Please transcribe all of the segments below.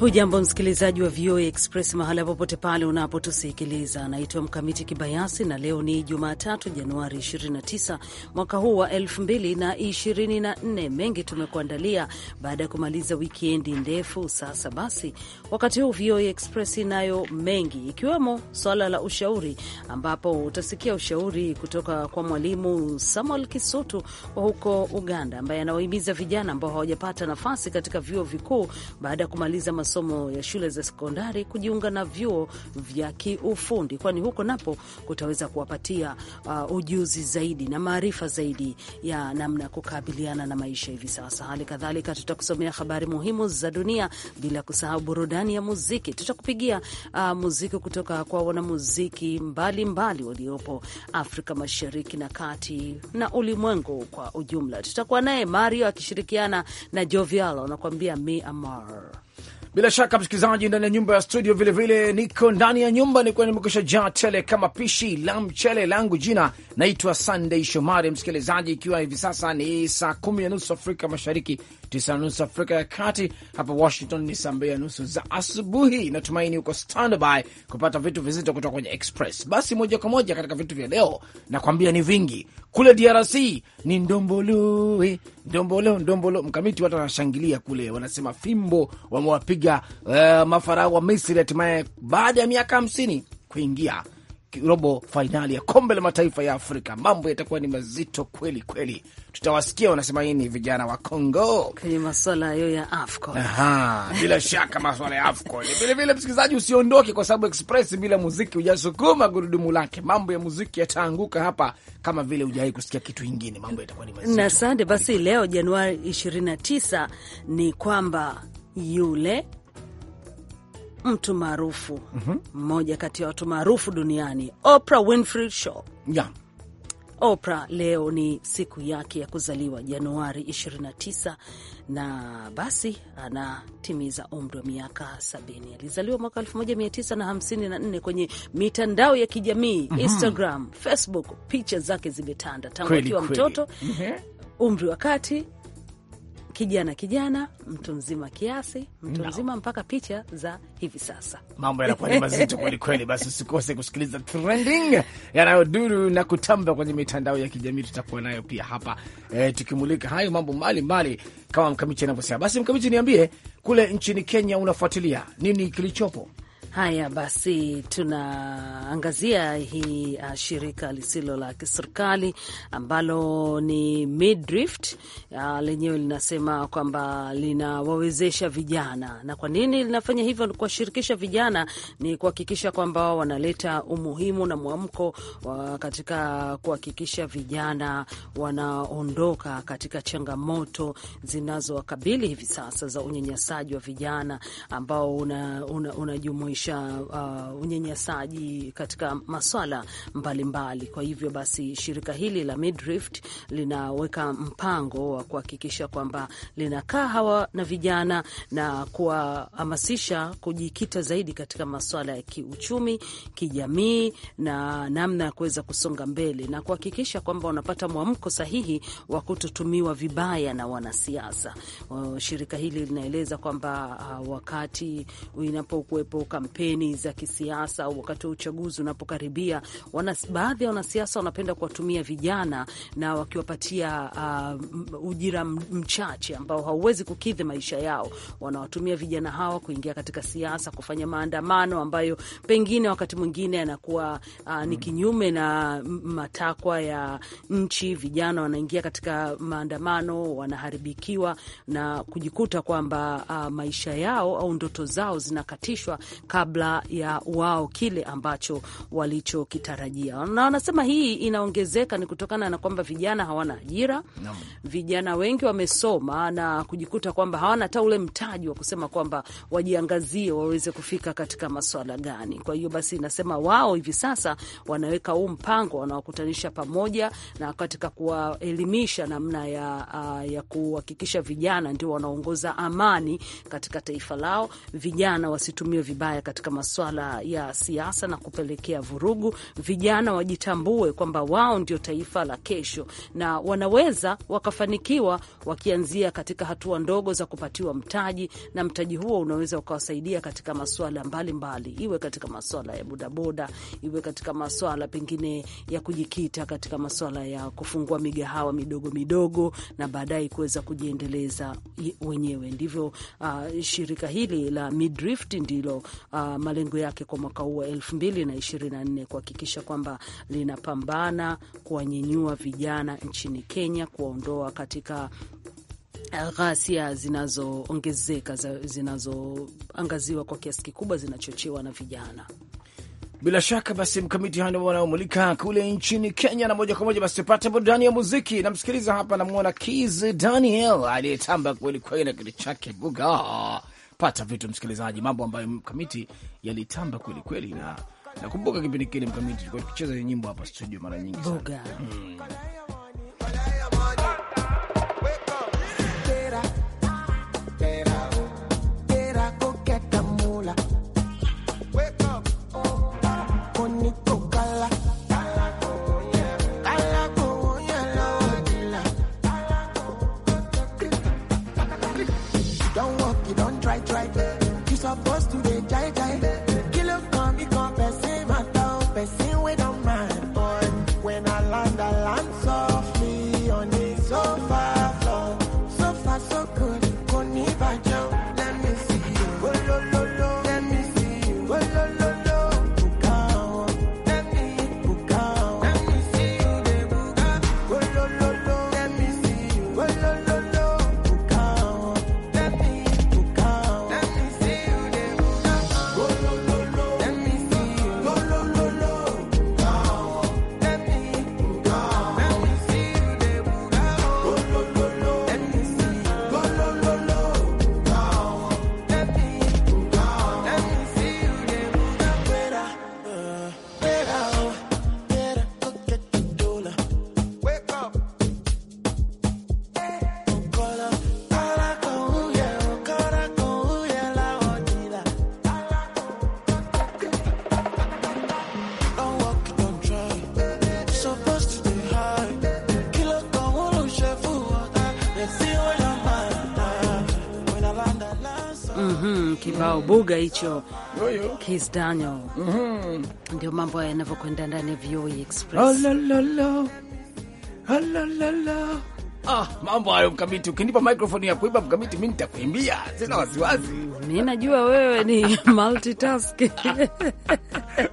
Hujambo msikilizaji wa VOA Express mahala popote pale unapotusikiliza. anaitwa Mkamiti Kibayasi na leo ni Jumatatu, Januari 29 mwaka huu wa 2024. Mengi tumekuandalia baada ya kumaliza wikendi ndefu. Sasa basi, wakati huu VOA Express inayo mengi, ikiwemo swala la ushauri, ambapo utasikia ushauri kutoka kwa Mwalimu Samuel Kisutu wa huko Uganda, ambaye anawahimiza vijana ambao hawajapata nafasi katika vyuo vikuu baada ya kumaliza masomo ya shule za sekondari kujiunga na vyuo vya kiufundi, kwani huko napo kutaweza kuwapatia uh, ujuzi zaidi na maarifa zaidi ya namna ya kukabiliana na maisha hivi sasa. Hali kadhalika tutakusomea habari muhimu za dunia, bila kusahau burudani ya muziki. Tutakupigia uh, muziki kutoka kwa wanamuziki mbalimbali waliopo Afrika Mashariki na Kati na ulimwengu kwa ujumla. Tutakuwa naye Mario akishirikiana na Jovialo anakuambia me amar bila shaka msikilizaji, ndani ya nyumba ya studio vilevile vile, niko ndani ya nyumba nikuwa nimekusha jaa tele kama pishi la mchele langu. Jina naitwa Sunday Shomari. Msikilizaji, ikiwa hivi sasa ni saa kumi na nusu Afrika Mashariki, tisa na nusu Afrika ya Kati. Hapa Washington ni saa mbili na nusu za asubuhi. Natumaini uko standby kupata vitu vizito kutoka kwenye Express. Basi moja kwa moja katika vitu vya leo, nakwambia ni vingi. Kule DRC ni ndombolui ndombolo ndombolo, mkamiti watu wanashangilia kule, wanasema fimbo wamewapiga uh, mafarao wa Misri hatimaye baada ya miaka hamsini kuingia robo fainali ya kombe la mataifa ya Afrika. Mambo yatakuwa ni mazito kweli kweli, tutawasikia wanasema nini vijana wa Congo kwenye maswala hayo ya AFCON. Aha, bila shaka maswala ya AFCON vilevile. Msikilizaji, usiondoke kwa sababu express bila muziki hujasukuma gurudumu lake. Mambo ya muziki yataanguka hapa kama vile hujawahi kusikia kitu ingine. Mambo yatakuwa ni mazito na sande. Basi leo Januari 29 ni kwamba yule mtu maarufu mhm. mmoja mm -hmm. kati ya watu maarufu duniani Oprah Winfrey Show yeah. Oprah leo ni siku yake ya kuzaliwa Januari 29, na basi anatimiza umri wa miaka 70. Alizaliwa mwaka 1954. Kwenye mitandao ya kijamii mm -hmm. Instagram, Facebook, picha zake zimetanda tangu akiwa mtoto, mhm. umri wa kati kijana kijana, mtu mzima kiasi, mtu no. mzima mpaka picha za hivi sasa. Mambo yanakuwa ni mazito kweli kweli. Basi usikose kusikiliza trending yanayoduru na kutamba kwenye mitandao ya kijamii, tutakuwa nayo pia hapa e, tukimulika hayo mambo mbalimbali kama Mkamiti anavyosema. Basi Mkamiti, niambie kule nchini Kenya unafuatilia nini kilichopo? Haya basi, tunaangazia hii uh, shirika lisilo la kiserikali ambalo ni Midrift uh, lenyewe linasema kwamba linawawezesha vijana. Na kwa nini linafanya hivyo? Kuwashirikisha vijana ni kuhakikisha kwamba wanaleta umuhimu na mwamko katika kuhakikisha vijana wanaondoka katika changamoto zinazowakabili hivi sasa za unyanyasaji wa vijana ambao unajumuisha una, una kukomesha uh, unyanyasaji katika maswala mbalimbali mbali. Kwa hivyo basi shirika hili la Midrift linaweka mpango wa kuhakikisha kwamba linakaa hawa na vijana na kuwahamasisha kujikita zaidi katika maswala ya kiuchumi, kijamii na namna ya kuweza kusonga mbele na kuhakikisha kwamba wanapata mwamko sahihi wa kutotumiwa vibaya na wanasiasa. Uh, shirika hili linaeleza kwamba uh, wakati inapokuwepo kampeni za kisiasa au wakati wa uchaguzi unapokaribia, baadhi ya wanasiasa wanapenda kuwatumia vijana na wakiwapatia uh, ujira mchache ambao hauwezi kukidhi maisha yao. Wanawatumia vijana hawa kuingia katika siasa, kufanya maandamano ambayo pengine wakati mwingine yanakuwa uh, ni mm. kinyume na matakwa ya nchi. Vijana wanaingia katika maandamano, wanaharibikiwa na kujikuta kwamba uh, maisha yao au ndoto zao zinakatishwa ka kabla ya wao kile ambacho walichokitarajia. Na wanasema hii inaongezeka ni kutokana na kwamba vijana hawana ajira no. Vijana wengi wamesoma na kujikuta kwamba hawana hata ule mtaji wa kusema kwamba wajiangazie waweze kufika katika maswala gani. Kwa hiyo basi, inasema wao hivi sasa wanaweka huu mpango wanawakutanisha pamoja na katika kuwaelimisha namna ya, uh, ya kuhakikisha vijana ndio wanaongoza amani katika taifa lao, vijana wasitumie vibaya katika masuala ya siasa na kupelekea vurugu. Vijana wajitambue kwamba wao ndio taifa la kesho na wanaweza wakafanikiwa wakianzia katika hatua ndogo za kupatiwa mtaji, na mtaji huo unaweza ukawasaidia katika masuala mbalimbali, iwe katika masuala ya bodaboda, iwe katika masuala pengine ya kujikita katika masuala ya kufungua migahawa midogo midogo, na baadaye kuweza kujiendeleza wenyewe. Ndivyo uh, shirika hili la Midrift ndilo uh, uh, malengo yake kwa mwaka huu wa 2024 kuhakikisha kwamba linapambana kuwanyenyua vijana nchini Kenya, kuwaondoa katika uh, ghasia zinazoongezeka zinazoangaziwa kwa kiasi kikubwa zinachochewa na vijana. Bila shaka basi, mkamiti hayo ndio wanaomulika kule nchini Kenya. Na moja kwa moja basi tupate burudani ya muziki. Namsikiliza hapa, namwona Kiz Daniel aliyetamba kweli kweli na kitu chake buga kupata vitu, msikilizaji, mambo ambayo mkamiti yalitamba kweli kweli, na nakumbuka kipindi kile mkamiti tulikuwa tukicheza nyimbo hapa studio mara nyingi sana. I see. kibao buga hicho Kiss Daniel. mm -hmm. Ndio mambo yanavyokwenda ndani ya VOA Express. Ah, mambo hayo Mkamiti, ukinipa microphone ya kuiba Mkamiti, mi nitakuimbia, sina wasiwasi. Mimi najua wewe ni multitask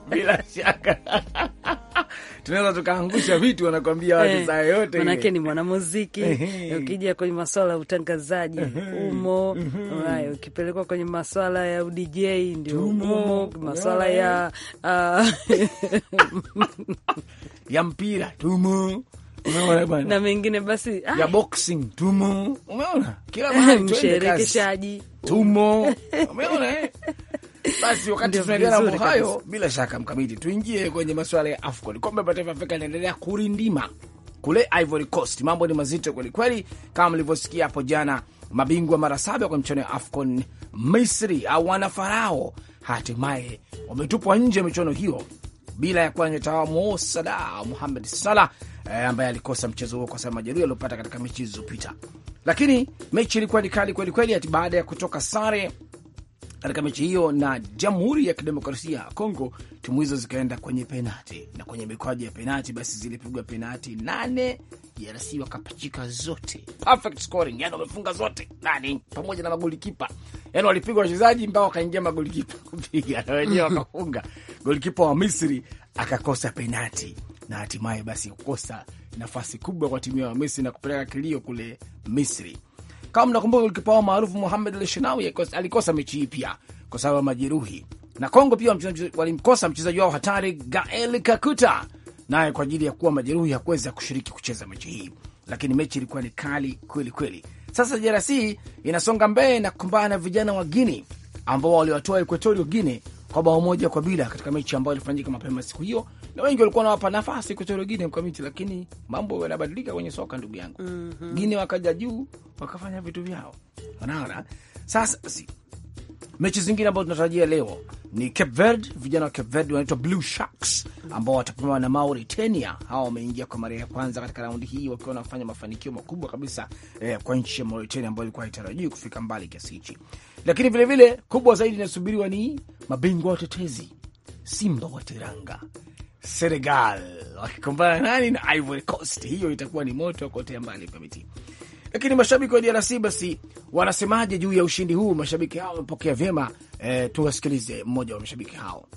bila shaka tunaweza tukaangusha vitu, wanakwambia watu eh, saa yote, manake ni mwanamuziki. Ukija kwenye maswala ya utangazaji umo, ukipelekwa kwenye maswala ya DJ ndio umo, maswala ya ah. ya mpira tumo umeona bwana, na mengine basi ya ah. boxing tumo, umeona kila mahali msherekeshaji tumo, umeona eh? basi wakati tunaendelea na hayo, bila shaka mkamiti, tuingie kwenye masuala ya AFCON. Kombe la Mataifa Afrika inaendelea kurindima kule Ivory Coast, mambo ni mazito kwelikweli, kama mlivyosikia hapo jana. Mabingwa mara saba kwenye michuano ya AFCON, Misri au wana farao hatimaye wametupwa nje ya michuano hiyo bila ya kuwa nyota wao Mosada Salah Salah eh, ambaye alikosa mchezo huo kwa sababu majeruhi aliyopata katika mechi zilizopita. Lakini mechi ilikuwa ni kali kweli kweli, hati baada ya kutoka sare katika mechi hiyo na Jamhuri ya Kidemokrasia ya Kongo. Timu hizo zikaenda kwenye penati, na kwenye mikwaji ya penati basi zilipigwa penati nane, DRC wakapachika zote, perfect scoring, yani wamefunga zote nani, pamoja na magoli kipa, yani walipigwa wachezaji mpaka wakaingia magoli kipa kupiga na wenyewe wakafunga. Goli kipa wa Misri akakosa penati na hatimaye basi kukosa nafasi kubwa kwa timu ya Misri na kupeleka kilio kule Misri. Kama mnakumbuka ulikipawa maarufu muhamed El alikosa mechi hii pia kwa sababu ya majeruhi, na Kongo pia walimkosa mchezaji wao hatari Gael Kakuta, naye kwa ajili ya kuwa majeruhi hakuweza kushiriki kucheza mechi hii, lakini mechi ilikuwa ni kali kweli kweli. Sasa DRC inasonga mbele na kukumbana na vijana wa Guini ambao waliwatoa Equatorio Guine kwa bao moja kwa bila katika mechi ambayo ilifanyika mapema siku hiyo, na wengi walikuwa nawapa nafasi Equatorial Guinea mkamiti, lakini mambo yanabadilika kwenye soka ndugu yangu. mm -hmm. Gine wakaja juu wakafanya vitu vyao, unaona. Sasa si, mechi zingine ambazo tunatarajia leo ni Cape Verde, vijana wa Cape Verde wanaitwa Blue Sharks ambao watapambana na Mauritania. Hawa wameingia kwa mara ya kwanza katika raundi hii wakiwa wanafanya mafanikio makubwa kabisa eh, kwa nchi ya Mauritania ambayo ilikuwa haitarajiwi kufika mbali kiasi hichi lakini vilevile kubwa zaidi inasubiriwa ni mabingwa watetezi Simba wa Teranga Senegal wakikumbana nani na Ivory Coast. Hiyo itakuwa ni moto kotea kuotea mbali kamiti. Lakini mashabiki wa DRC basi wanasemaje juu ya ushindi huu? Mashabiki hao wamepokea vyema eh, tuwasikilize mmoja wa mashabiki hao.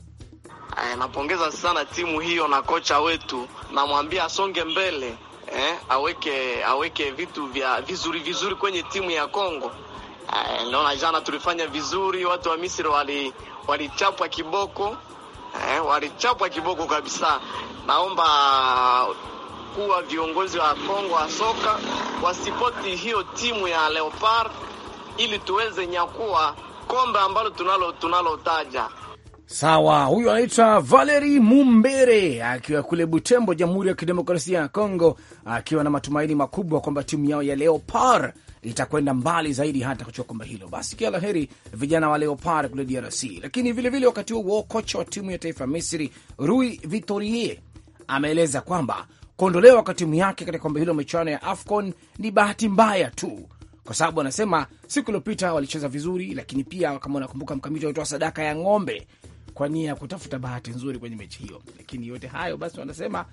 Eh, napongeza sana timu hiyo na kocha wetu, namwambia asonge mbele eh, aweke aweke vitu vya vizuri vizuri kwenye timu ya Kongo Eh, naona jana tulifanya vizuri, watu wa Misri walichapwa kiboko eh, walichapwa kiboko kabisa. Naomba kuwa viongozi wa Kongo wa soka wasipoti hiyo timu ya Leopard ili tuweze nyakuwa kombe ambalo tunalo tunalotaja. Sawa, huyu anaitwa Valeri Mumbere akiwa kule Butembo, Jamhuri ya Kidemokrasia ya Kongo, akiwa na matumaini makubwa kwamba timu yao ya Leopard itakwenda mbali zaidi hata kuchukua kombe hilo. Basi kila la heri vijana wa Leopard kule DRC. Lakini vilevile, wakati huo kocha wa timu ya taifa ya Misri Rui Vitorie ameeleza kwamba kuondolewa kwa timu yake katika kombe hilo michuano ya AFCON ni bahati mbaya tu, kwa sababu anasema siku iliyopita walicheza vizuri, lakini pia kama unakumbuka, mkamiti walitoa sadaka ya ng'ombe kwa nia ya kutafuta bahati nzuri kwenye mechi hiyo. Lakini yote hayo basi, wanasema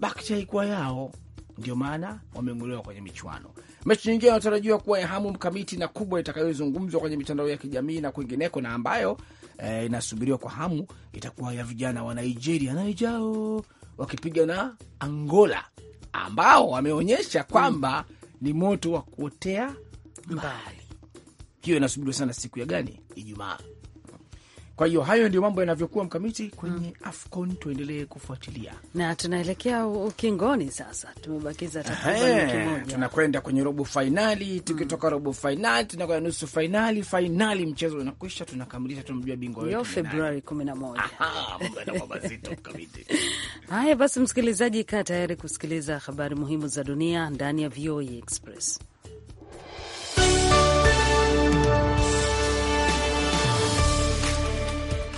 bakcha ikuwa yao ndio maana wameng'olewa kwenye michuano. Mechi nyingine inatarajiwa kuwa ya hamu mkamiti na kubwa itakayozungumzwa kwenye mitandao ya kijamii na kwingineko, na ambayo eh, inasubiriwa kwa hamu itakuwa ya vijana wa Nigeria naijao wakipiga na Angola ambao wameonyesha kwamba mm, ni moto wa kuotea mbali. Hiyo inasubiriwa sana siku ya gani? Ijumaa. Kwa hiyo hayo ndio mambo yanavyokuwa mkamiti kwenye mm. AFCON. Tuendelee kufuatilia na tunaelekea ukingoni sasa, tumebakiza tunakwenda kwenye robo fainali. Tukitoka mm. robo fainali tunakwenda nusu fainali, fainali, mchezo unakwisha, tunakamilisha, tunamjua bingwa wetu Februari kumi na moja. Haya basi, msikilizaji, kaa tayari kusikiliza habari muhimu za dunia ndani ya VOA e Express.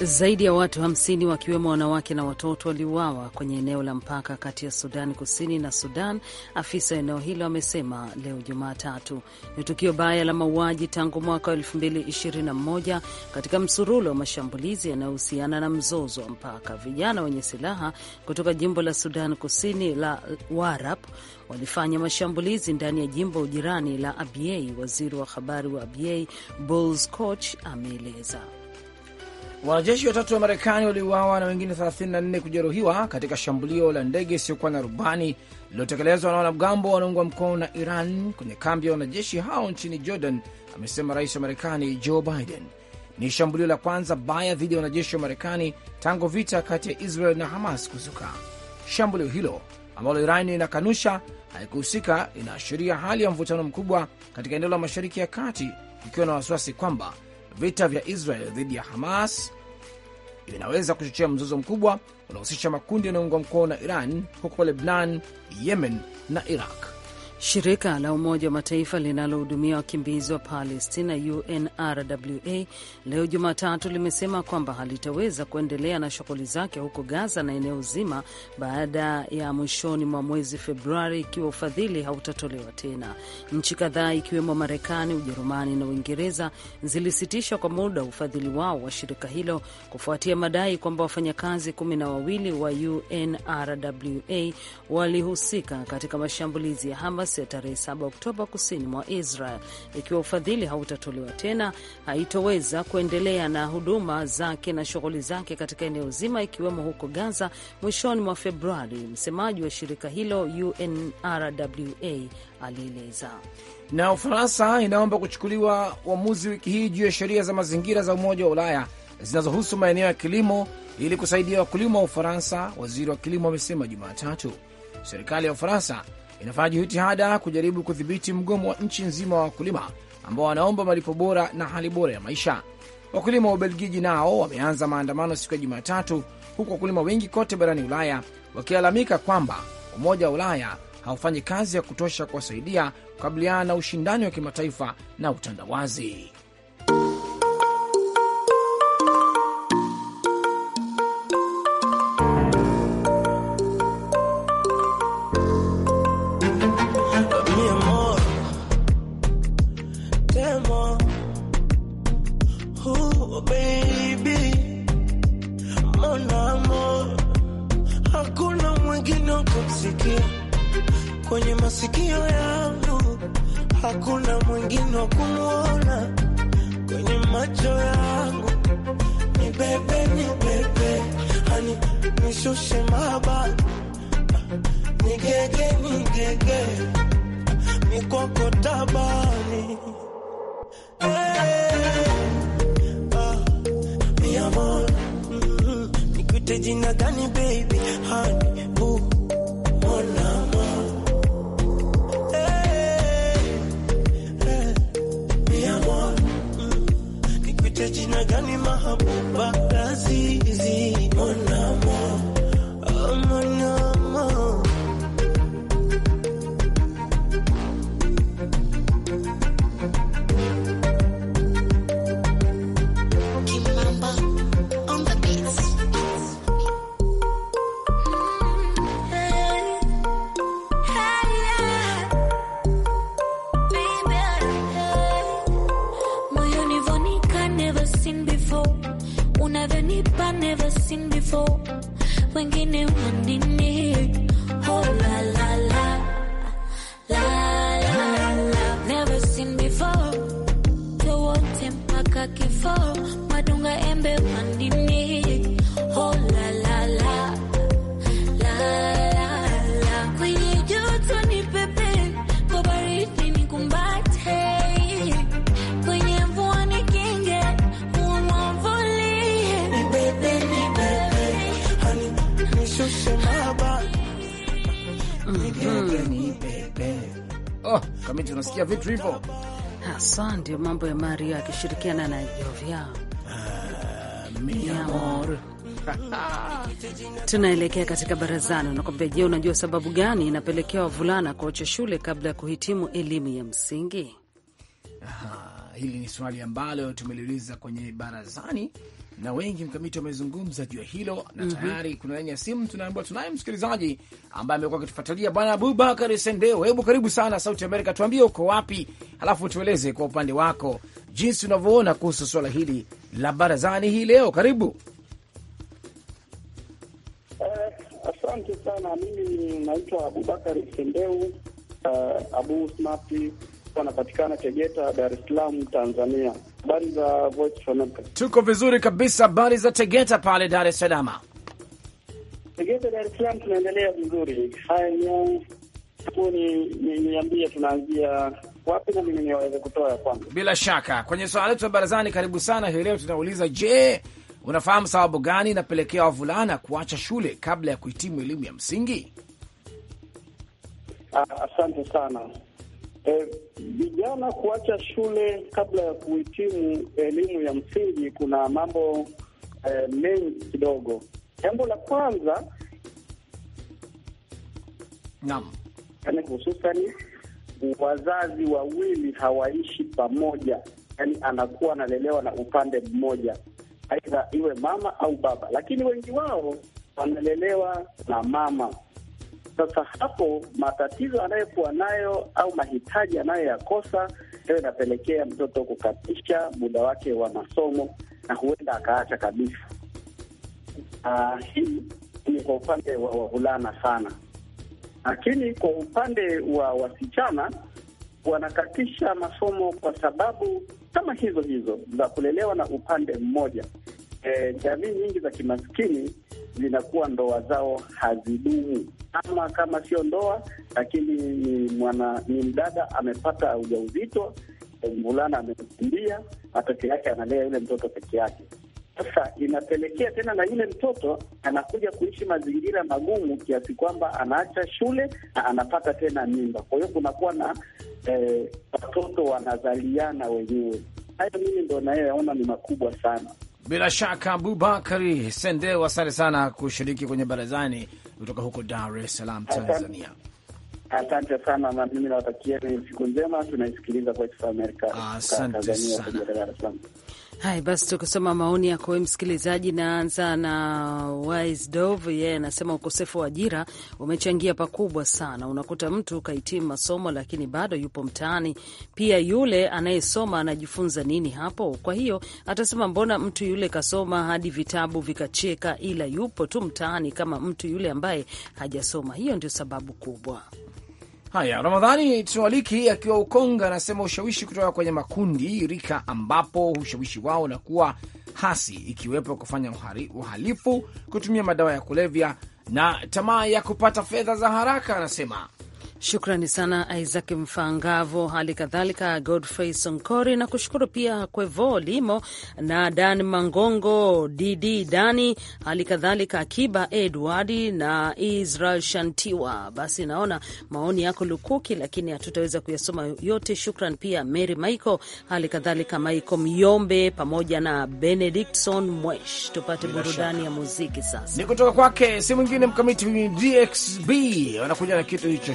Zaidi ya watu 50 wakiwemo wanawake na watoto waliuawa kwenye eneo la mpaka kati ya Sudani Kusini na Sudan, afisa wa eneo hilo amesema leo Jumatatu. Ni tukio baya la mauaji tangu mwaka wa 2021 katika msurulo wa mashambulizi yanayohusiana na mzozo wa mpaka. Vijana wenye silaha kutoka jimbo la Sudan Kusini la Warap walifanya mashambulizi ndani ya jimbo jirani la Abyei. Waziri wa habari wa Abyei, Bol ameeleza Wanajeshi watatu wa Marekani waliuawa na wengine 34 kujeruhiwa katika shambulio la ndege isiyokuwa na rubani lililotekelezwa na wanamgambo wanaungwa mkono na Iran kwenye kambi ya wanajeshi hao nchini Jordan, amesema rais wa Marekani Joe Biden. Ni shambulio la kwanza baya dhidi ya wanajeshi wa Marekani tangu vita kati ya Israel na Hamas kuzuka. Shambulio hilo ambalo Iran inakanusha haikuhusika inaashiria hali ya mvutano mkubwa katika eneo la Mashariki ya Kati, ikiwa na wasiwasi kwamba vita vya Israel dhidi ya Hamas vinaweza kuchochea mzozo mkubwa unaohusisha makundi yanayoungwa mkono na Iran huko Lebnan, Yemen na Iraq. Shirika la Umoja wa Mataifa linalohudumia wakimbizi wa Palestina, UNRWA, leo Jumatatu limesema kwamba halitaweza kuendelea na shughuli zake huko Gaza na eneo zima baada ya mwishoni mwa mwezi Februari ikiwa ufadhili hautatolewa tena. Nchi kadhaa ikiwemo Marekani, Ujerumani na Uingereza zilisitisha kwa muda ufadhili wao wa shirika hilo kufuatia madai kwamba wafanyakazi kumi na wawili wa UNRWA walihusika katika mashambulizi ya Hamas waasi ya tarehe 7 Oktoba kusini mwa Israel. Ikiwa ufadhili hautatolewa tena, haitoweza kuendelea na huduma zake na shughuli zake katika eneo zima, ikiwemo huko Gaza, mwishoni mwa Februari, msemaji wa shirika hilo UNRWA alieleza. Na Ufaransa inaomba kuchukuliwa uamuzi wiki hii juu ya sheria za mazingira za Umoja wa Ulaya zinazohusu maeneo ya kilimo ili kusaidia wakulima wa Ufaransa, waziri wa kilimo amesema Jumatatu. Serikali ya Ufaransa inafanya jitihada kujaribu kudhibiti mgomo wa nchi nzima wa wakulima ambao wanaomba malipo bora na hali bora ya maisha. Wakulima wa Ubelgiji nao wameanza maandamano siku ya Jumatatu, huku wakulima wengi kote barani Ulaya wakilalamika kwamba Umoja wa Ulaya haufanyi kazi ya kutosha kuwasaidia kukabiliana na ushindani wa kimataifa na utandawazi. Mkamiti, unasikia vitu hivyo haswa, ndio mambo ya Mario akishirikiana na Jovia Miamor. Tunaelekea katika barazani. Unakwambia, je, unajua sababu gani inapelekea wavulana kuacha shule kabla ya kuhitimu elimu ya msingi? Aha, hili ni swali ambalo tumeliuliza kwenye barazani na wengi mkamiti wamezungumza juu ya hilo na mhm. tayari mm -hmm. kuna laini ya simu tunaambiwa, tunaye msikilizaji ambaye amekuwa akitufuatilia bwana Abubakar Sendeo. Hebu karibu sana Sauti Amerika, tuambie uko wapi, halafu tueleze kwa upande wako jinsi unavyoona kuhusu swala hili la barazani hii leo. Karibu. Eh, asante sana. Mimi naitwa Abubakar Sendeu, eh, Abu smati anapatikana Tegeta, Dar es Salaam, Tanzania. Habari za Voice of America. Tuko vizuri kabisa. Habari za Tegeta pale Dar es Salaam? Tegeta Dar es Salaam tunaendelea vizuri. Haya, niambie tunaanzia wapi na mimi niweze kutoa ya kwanza. Bila shaka kwenye swala letu la barazani, karibu sana hii leo. Tunauliza, je, unafahamu sababu gani inapelekea wavulana kuacha shule kabla ya kuhitimu elimu ya msingi? Ah, asante sana. Eh, vijana e, kuacha shule kabla ya kuhitimu elimu ya msingi, kuna mambo e, mengi kidogo. Jambo la kwanza naam, yaani hususani wazazi wawili hawaishi pamoja, yani anakuwa analelewa na upande mmoja, aidha iwe mama au baba, lakini wengi wao wanalelewa na mama sasa hapo matatizo anayokuwa nayo au mahitaji anayoyakosa ndio inapelekea mtoto kukatisha muda wake wa masomo na huenda akaacha kabisa. Ah, hii ni kwa upande wa wavulana sana, lakini kwa upande wa wasichana wanakatisha masomo kwa sababu kama hizo hizo za kulelewa na upande mmoja. E, jamii nyingi za kimaskini zinakuwa ndoa zao hazidumu, ama kama sio ndoa, lakini ni mwana ni mdada amepata ujauzito, mvulana amekimbia, matokeo yake analea yule mtoto peke yake. Sasa inapelekea tena na yule mtoto anakuja kuishi mazingira magumu kiasi kwamba anaacha shule na anapata tena mimba. Kwa hiyo kunakuwa na eh, watoto eh, wanazaliana wenyewe. Hayo mimi ndo nayoyaona ni makubwa sana. Bila shaka Abubakari Sendeu, asante sana kushiriki kwenye barazani kutoka huko Dar es Salaam, Tanzania. Asante sana na mimi nawatakieni siku njema, tunaisikiliza Voice of America. Asante sana. Hai, basi tukisoma maoni yako we msikilizaji, naanza na Wise Dove. Yeye yeah, anasema ukosefu wa ajira umechangia pakubwa sana. Unakuta mtu kahitimu masomo lakini bado yupo mtaani. Pia yule anayesoma anajifunza nini hapo? Kwa hiyo atasema mbona mtu yule kasoma hadi vitabu vikacheka, ila yupo tu mtaani kama mtu yule ambaye hajasoma. Hiyo ndio sababu kubwa. Haya, Ramadhani Tualiki akiwa Ukonga anasema ushawishi kutoka kwenye makundi rika, ambapo ushawishi wao unakuwa hasi, ikiwepo kufanya uhalifu, kutumia madawa ya kulevya na tamaa ya kupata fedha za haraka. Anasema Shukrani sana Isaac Mfangavo, hali kadhalika Godfrey Sonkori na kushukuru pia Kwevo Limo na Dan Mangongo, dd Dani, hali kadhalika Akiba Edwardi na Israel Shantiwa. Basi naona maoni yako lukuki, lakini hatutaweza kuyasoma yote. Shukran pia Mary Michael, hali kadhalika Michael Myombe pamoja na Benedictson Mwesh. Tupate burudani ya muziki sasa, ni kutoka kwake, si mwingine Mkamiti DXB, wanakuja na kitu hicho.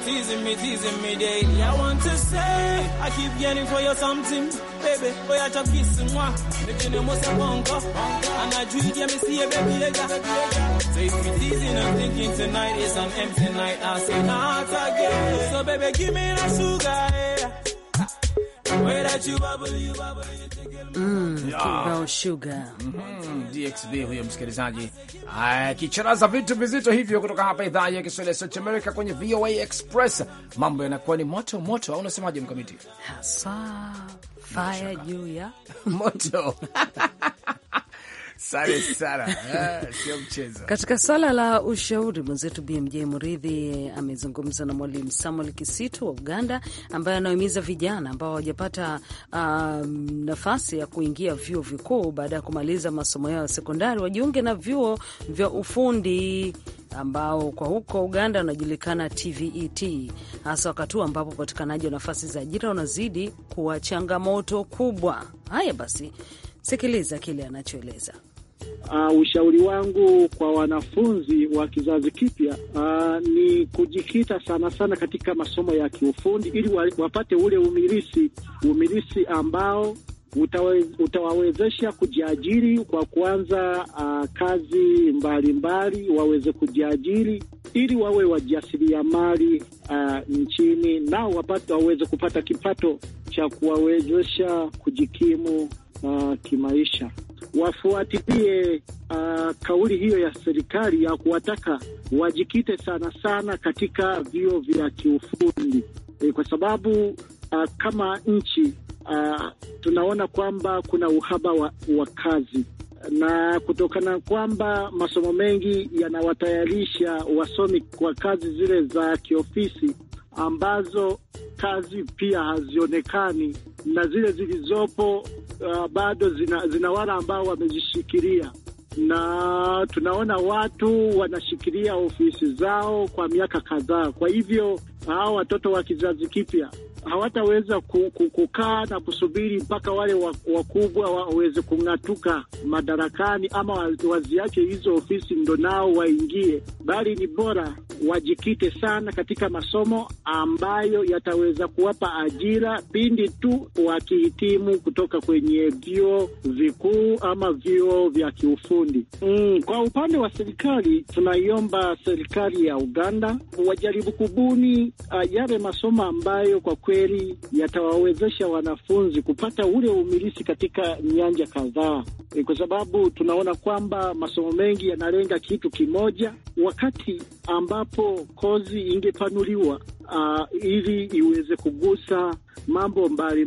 me, teasing me, teasing me daily. I want to say, I keep yearning for you something. Baby, boy, I just kissing moi. If you know what's a bongo, and I dream, yeah, me see a baby later. So if me teasing, I'm thinking tonight is an empty night. I say, not again. So baby, give me that sugar. Yeah. The way that you bubble, you bubble, you Mm, kibao mm-hmm. huyo msikilizaji akicharaza vitu vizito hivyo kutoka hapa idhaa ya Kiswahili ya Sauti Amerika kwenye VOA Express. Mambo yanakuwa ni moto moto, au unasemaje Mkamiti? Hasa juu ya moto Sare sana, ah, sio mchezo. Katika swala la ushauri, mwenzetu BMJ Muridhi eh, amezungumza na mwalimu Samuel Kisitu wa Uganda, ambaye anaimiza vijana ambao hawajapata um, nafasi ya kuingia vyuo vikuu baada ya kumaliza masomo yao ya sekondari wajiunge na vyuo vya ufundi ambao kwa huko Uganda wanajulikana TVET, e hasa wakati huu ambapo upatikanaji wa nafasi za ajira unazidi kuwa changamoto kubwa. Haya basi, Sikiliza kile anachoeleza. Uh, ushauri wangu kwa wanafunzi wa kizazi kipya uh, ni kujikita sana sana katika masomo ya kiufundi ili wapate ule umilisi umilisi ambao utawawezesha kujiajiri kwa kuanza uh, kazi mbalimbali, waweze kujiajiri ili wawe wajasiriamali uh, nchini, nao wapate waweze kupata kipato cha kuwawezesha kujikimu uh, kimaisha. Wafuatilie uh, kauli hiyo ya serikali ya kuwataka wajikite sana sana katika vyuo vya kiufundi e, kwa sababu uh, kama nchi uh, tunaona kwamba kuna uhaba wa, wa kazi na kutokana kwamba masomo mengi yanawatayarisha wasomi kwa kazi zile za kiofisi ambazo kazi pia hazionekani na zile zilizopo uh, bado zina, zina wale ambao wamezishikilia, na tunaona watu wanashikilia ofisi zao kwa miaka kadhaa. Kwa hivyo hao watoto wa kizazi kipya hawataweza kukaa na kusubiri mpaka wale wakubwa waweze kung'atuka madarakani ama waziache hizo ofisi ndo nao waingie, bali ni bora wajikite sana katika masomo ambayo yataweza kuwapa ajira pindi tu wakihitimu kutoka kwenye vyuo vikuu ama vyuo vya kiufundi. Mm, kwa upande wa serikali tunaiomba serikali ya Uganda wajaribu kubuni uh, yale masomo ambayo kwa kweli kweli yatawawezesha wanafunzi kupata ule umilisi katika nyanja kadhaa, e, kwa sababu tunaona kwamba masomo mengi yanalenga kitu kimoja, wakati ambapo kozi ingepanuliwa uh, ili iweze kugusa mambo mbalimbali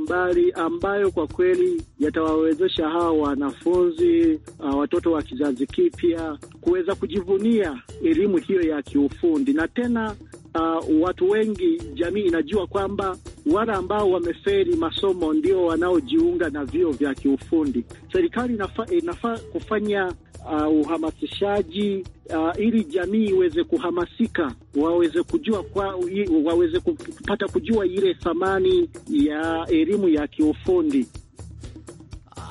mbali ambayo kwa kweli yatawawezesha hawa wanafunzi uh, watoto wa kizazi kipya kuweza kujivunia elimu hiyo ya kiufundi na tena Uh, watu wengi jamii inajua kwamba wale ambao wameferi masomo ndio wanaojiunga na vyuo vya kiufundi. Serikali inafaa inafa kufanya uh, uhamasishaji uh, ili jamii iweze kuhamasika, waweze kujua kwa, waweze kupata kujua ile thamani ya elimu ya kiufundi.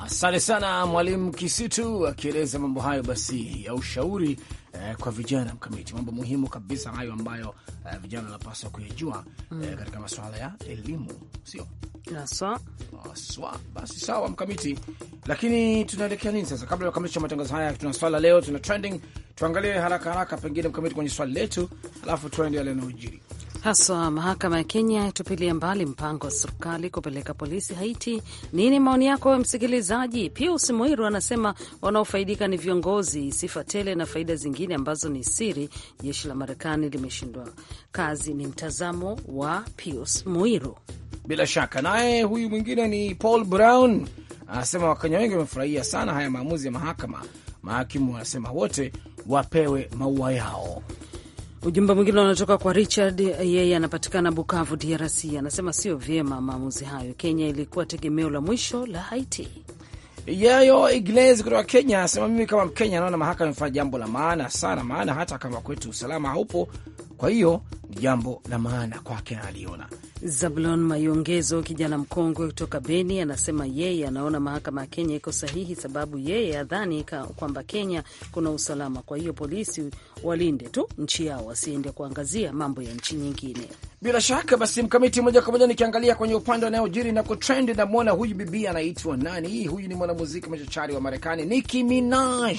Asante sana Mwalimu Kisitu akieleza mambo hayo basi ya ushauri eh, kwa vijana mkamiti, mambo muhimu kabisa hayo ambayo eh, vijana wanapaswa kuyajua eh, mm, eh, katika masuala ya elimu, sio Aswa Basi sawa, Mkamiti, lakini tunaelekea nini sasa? Kabla ya kukamilisha matangazo haya, tuna swala leo, tuna trending, tuangalie haraka haraka, pengine Mkamiti, kwenye swali letu, alafu tuende yale yanayojiri haswa. Mahakama ya Kenya yatupilia mbali mpango wa serikali kupeleka polisi Haiti. Nini maoni yako, msikilizaji? Pius Mwiru anasema wanaofaidika ni viongozi, sifa tele na faida zingine ambazo ni siri, jeshi la Marekani limeshindwa kazi. Ni mtazamo wa Pius Mwiru bila shaka. Naye huyu mwingine ni Paul Brown anasema Wakenya wengi wamefurahia sana haya maamuzi ya mahakama. Mahakimu wanasema wote wapewe maua yao. Ujumbe mwingine unatoka kwa Richard, yeye anapatikana Bukavu, DRC. Anasema sio vyema maamuzi hayo, Kenya ilikuwa tegemeo la mwisho la Haiti. Yayo Igles kutoka Kenya anasema mimi kama Mkenya naona mahakama imefanya jambo la maana sana, maana hata kama kwetu usalama haupo, kwa hiyo ni jambo la maana kwake na aliona. Zabulon Mayongezo, kijana mkongwe kutoka Beni, anasema yeye anaona mahakama ya Kenya iko sahihi, sababu yeye adhani kwamba Kenya kuna usalama, kwa hiyo polisi walinde tu nchi yao, wasiende kuangazia mambo ya nchi nyingine. Bila shaka basi, mkamiti moja kwa moja, nikiangalia kwenye upande anayojiri na kutrend, namwona huyu bibi anaitwa nani? Huyu ni mwanamuziki machachari wa Marekani, Nicki Minaj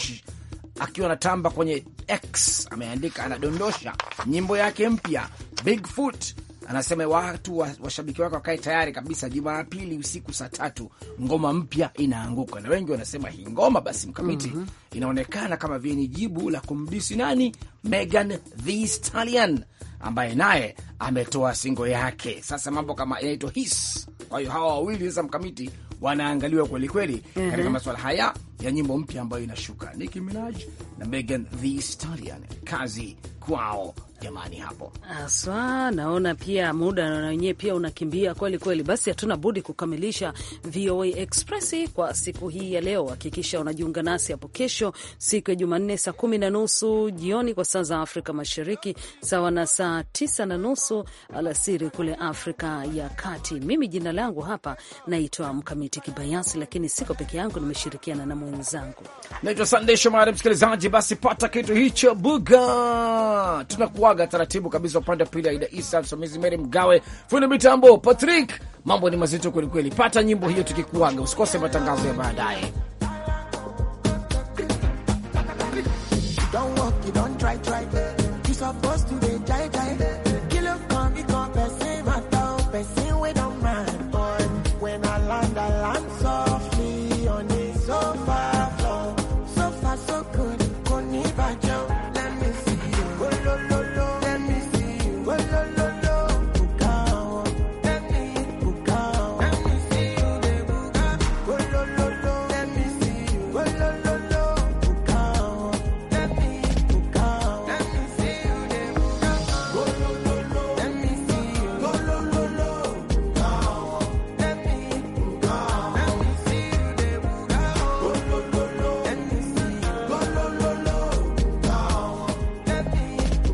akiwa anatamba kwenye X ameandika, anadondosha nyimbo yake mpya Bigfoot. Anasema watu washabiki wa wake wakae tayari kabisa, Jumapili usiku saa tatu ngoma mpya inaanguka, na wengi wanasema hii ngoma basi mkamiti mm -hmm. inaonekana kama vile ni jibu la kumdisi nani, Megan the Stallion ambaye naye ametoa singo yake. Sasa mambo kama inaitwa his. Kwa hiyo hawa wawili sasa mkamiti wanaangaliwa kwelikweli mm -hmm. katika mhm. maswala haya ya nyimbo mpya ambayo inashuka, Nicki Minaj na Megan Thee Stallion. Kazi kwao jamani, hapo aswa. Naona pia muda na wenyewe pia unakimbia kweli kweli. Basi hatuna budi kukamilisha VOA Express kwa siku hii ya leo. Hakikisha unajiunga nasi hapo kesho, siku ya Jumanne saa kumi na nusu jioni kwa saa za Afrika Mashariki, sawa na saa tisa na nusu alasiri kule Afrika ya Kati. Mimi jina langu hapa naitwa Mkamiti Kibayasi, lakini siko peke yangu, nimeshirikiana na mwenzangu. Naitwa Sandey Shomari. Msikilizaji, basi pata kitu hicho buga. Tunakuaga taratibu kabisa, upande wa pili Aida Isa, msimamizi Meri Mgawe, fundi mitambo Patrick. Mambo ni mazito kwelikweli. Pata nyimbo hiyo tukikuaga, usikose matangazo ya baadaye.